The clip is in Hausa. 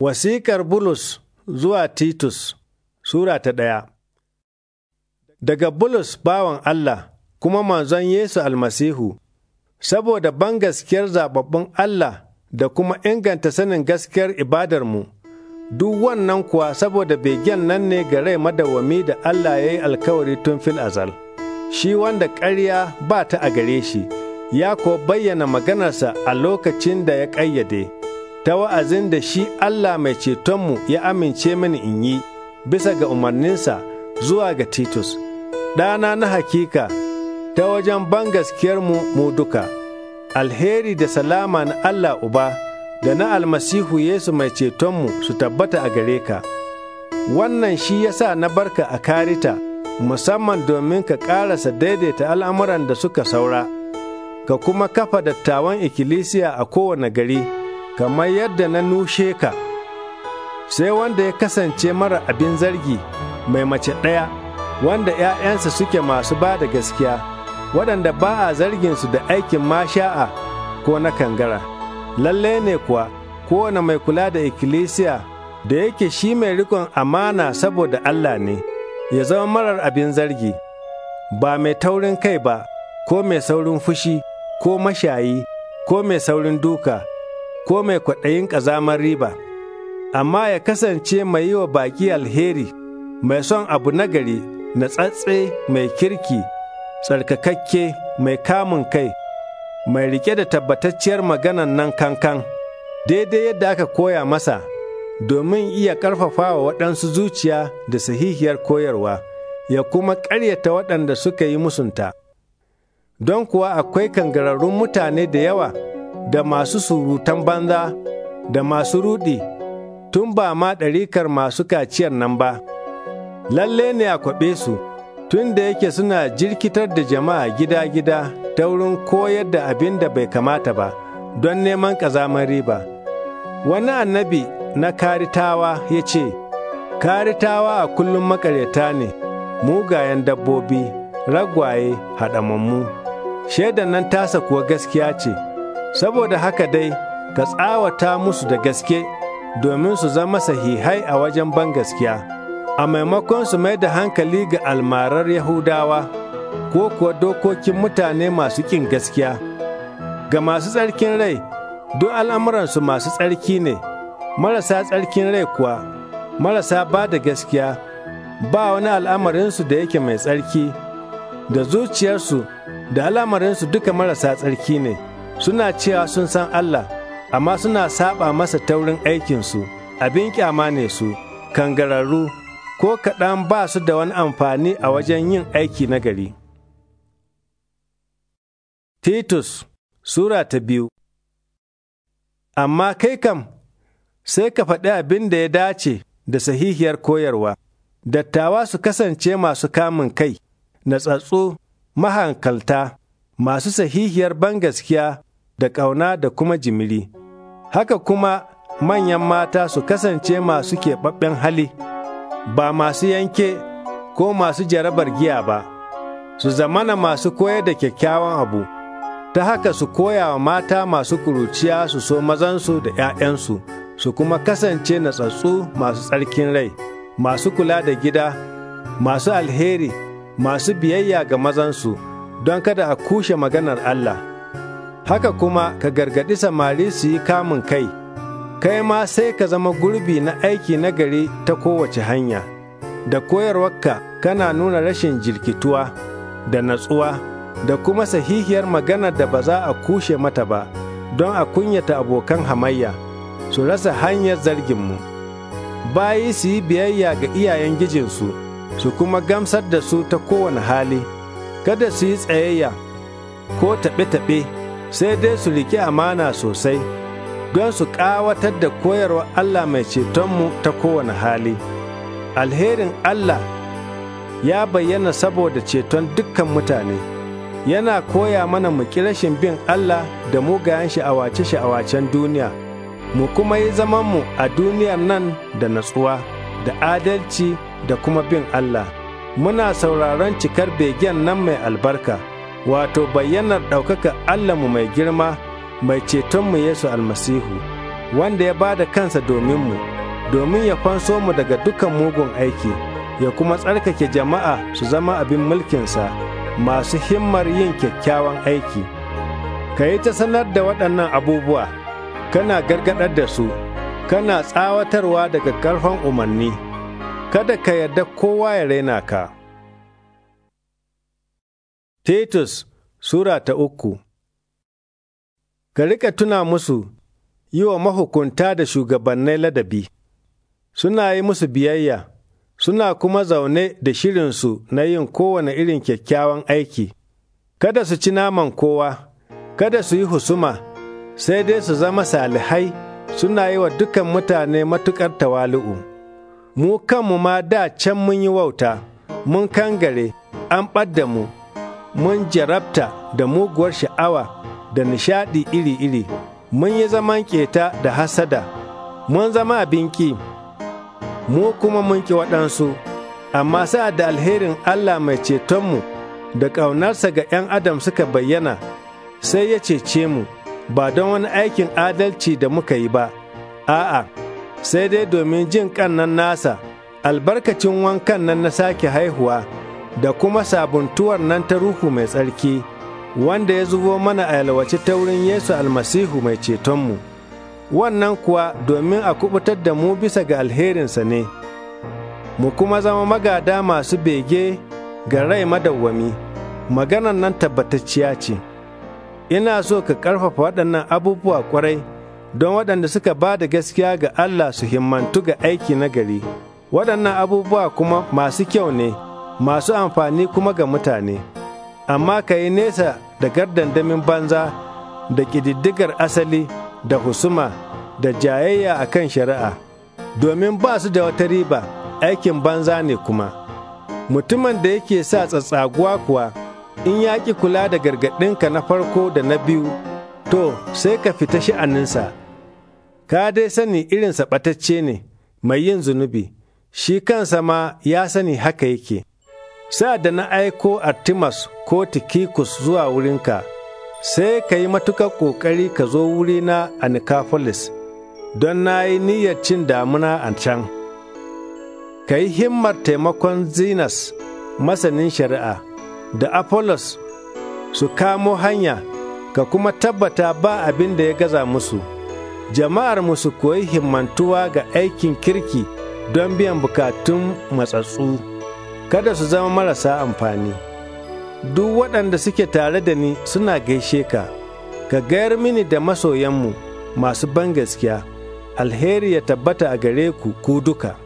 Wasikar Bulus zuwa Titus Sura ta ɗaya Daga Bulus bawan Allah kuma manzon Yesu almasihu, saboda bangaskiyar zababbin Allah da kuma inganta sanin gaskiyar ibadarmu, duk wannan kuwa saboda begen nan ne ga rai madawwami da Allah ya yi alkawari tun fil azal, shi wanda ƙarya ba ta a gare shi, ya kuwa bayyana maganarsa a lokacin da ya ƙayyade. ta wa'azin da shi Allah mai cetonmu ya amince mini in yi bisa ga umarninsa zuwa ga Titus, ɗana na hakika ta wajen bangaskiyarmu mu duka, alheri da salama na Allah Uba da na almasihu Yesu mai cetonmu su tabbata a gare ka. Wannan shi ya sa na barka a karita, musamman domin ka ƙarasa daidaita al'amuran da suka saura, ka kuma kafa dattawan ikkilisiya a kowane gari. kamar yadda na nushe ka, sai wanda ya kasance mara abin zargi mai mace ɗaya, wanda ‘ya'yansa suke masu ba da gaskiya, waɗanda ba a zarginsu da aikin masha'a ko na kangara. Lalle ne kuwa, kowane mai kula da ikkilisiya da yake shi mai rikon amana saboda Allah ne, ya zama marar abin zargi, ba mai taurin kai ba, ko mai saurin fushi, ko mashayi, ko mai saurin duka. ko mai kwaɗayin ƙazamar riba, amma ya kasance mai yi wa baƙi alheri, mai son abu nagari, natsatse mai kirki, tsarkakakke mai kamun kai, mai riƙe da tabbatacciyar maganan nan kankan, daidai yadda aka koya masa, domin iya ƙarfafa wa waɗansu zuciya da sahihiyar koyarwa, ya kuma ƙaryata waɗanda suka yi musunta. Don kuwa akwai kangararrun mutane da yawa. da masu surutan banza da masu rudi tun ba ma ɗarikar masu kaciyar nan ba lalle ne a kwaɓe su tun da yake suna jirkitar da jama'a gida-gida ta wurin koyar da abin da bai kamata ba don neman ƙazaman riba wani annabi na karitawa ya ce karitawa a kullum maƙaryata ne mugayen dabbobi ragwaye haɗamammu shaidan nan tasa kuwa gaskiya ce saboda haka dai ka tsawata musu da gaske domin su zama sahihai a wajen ban gaskiya a maimakon su mai da hankali ga almarar yahudawa ko kuwa dokokin mutane masu ƙin gaskiya ga masu tsarkin rai duk al'amuransu masu tsarki ne marasa tsarkin rai kuwa marasa ba da gaskiya ba wani al'amarinsu da yake mai tsarki da zuciyarsu da al'amarinsu duka marasa tsarki ne. suna cewa sun san Allah, amma suna saba masa taurin aikinsu, abin kyama ne su, kangararru, ko kaɗan ba su da wani amfani a wajen yin aiki na gari. Titus Sura ta biyu Amma kai kam, sai ka faɗi abin da ya dace da sahihiyar koyarwa, dattawa su kasance masu kamun kai, na natsatsu, mahankalta. masu sahihiyar gaskiya da ƙauna da kuma jimiri. Haka kuma manyan mata su kasance masu keɓaɓɓen hali, ba masu yanke ko masu jarabar giya ba, su zamana masu koyar da kyakkyawan abu, ta haka su koya wa mata masu kuruciya su so mazansu da ‘ya'yansu, su kuma kasance natsatsu masu tsarkin rai, masu kula da gida, masu alheri, masu biyayya ga mazansu. don kada a kushe maganar Allah. Haka kuma ka gargaɗi samari su yi kamun kai, kai ma sai ka zama gurbi na aiki na gari ta kowace hanya. Da koyarwarka kana nuna rashin jirkituwa da natsuwa da kuma sahihiyar maganar da ba za a kushe mata ba, don a kunyata abokan hamayya su rasa hanyar zargin zarginmu. Bayi su yi biyayya ga iyayen gijinsu, su kuma gamsar da su ta kowane hali. kada su yi tsayayya ko taɓe-taɓe sai dai su riƙe amana sosai don su ƙawatar da koyarwa Allah mai cetonmu ta kowane hali. Alherin Allah ya bayyana saboda ceton dukkan mutane, yana koya mana mu rashin bin Allah da mugayen sha'awace-sha'awacen duniya, mu kuma yi zamanmu a duniyar nan da natsuwa, da adalci da kuma bin Allah. muna sauraron cikar begen nan mai albarka, wato bayyanar ɗaukaka Allahnmu mai girma, mai cetonmu Yesu almasihu, wanda ya ba da kansa mu, domin ya kwanso mu daga dukan mugun aiki, ya kuma tsarkake jama'a su zama abin mulkinsa, masu himmar yin kyakkyawan aiki. Ka yi ta sanar da waɗannan abubuwa, kana gargaɗar da su, kana tsawatarwa daga ƙarfin umarni. kada ka yarda kowa ya raina ka. Titus Sura ta uku Ka riƙa tuna musu, yi wa mahukunta da shugabannai ladabi, suna yi musu biyayya, suna kuma zaune da shirinsu na yin kowane irin kyakkyawan aiki, kada su ci naman kowa, kada su yi husuma, sai dai su zama salihai suna yi wa dukan mutane matuƙar tawali'u. mu kanmu ma da can mun yi wauta, mun kangare, an ɓadda mu, mun jarabta da muguwar sha'awa da nishaɗi iri-iri, mun yi zaman keta da hasada, mun zama abin ƙi, mu kuma mun ƙi waɗansu, amma sa da alherin Allah mai cetonmu da ƙaunarsa ga ‘yan Adam suka bayyana, sai ya cece mu, ba don wani aikin adalci da muka yi ba, a'a. sai dai domin jin kannan nasa, albarkacin wankan nan na sake haihuwa, da kuma sabuntuwar nan ta Ruhu mai tsarki, wanda ya zubo mana a yalwace ta wurin Yesu almasihu mai cetonmu. Wannan kuwa domin a kubutar da mu bisa ga alherinsa ne, mu kuma zama magada masu bege ga rai madawwami, maganan nan tabbatacciya ce. Ina so ka ƙarfafa waɗannan abubuwa ƙwarai. don waɗanda suka ba da gaskiya ga Allah su himmantu ga aiki na gari. Waɗannan abubuwa kuma masu kyau ne, masu amfani kuma ga mutane, amma ka yi nesa da gardandamin banza da ƙididdigar asali da husuma da jayayya a kan shari'a, domin ba su da wata riba aikin banza ne kuma. Mutumin da yake sa tsatsaguwa kuwa in ya ƙi kula da gargaɗinka na farko da na biyu, to sai ka fita sha'aninsa. ka dai sani irinsa ɓatacce ne mai yin zunubi, shi kansa ma ya sani haka yake. sa da na aiko artemis ko Tikikus zuwa wurinka, sai ka yi matuƙar ƙoƙari ka zo wurina a anikafolis don na yi niyyar cin damuna a can. Ka yi himmar taimakon Zinas, masanin shari'a, da Apollos su kamo hanya, ka kuma tabbata ba abin da ya gaza musu. jama'ar mu su koyi himmantuwa ga aikin kirki don biyan bukatun matsatsu, kada su zama marasa amfani. Duk waɗanda suke tare da ni suna gaishe ka, ka gayar mini da masoyanmu masu ban gaskiya, alheri ya tabbata a gare ku ku duka.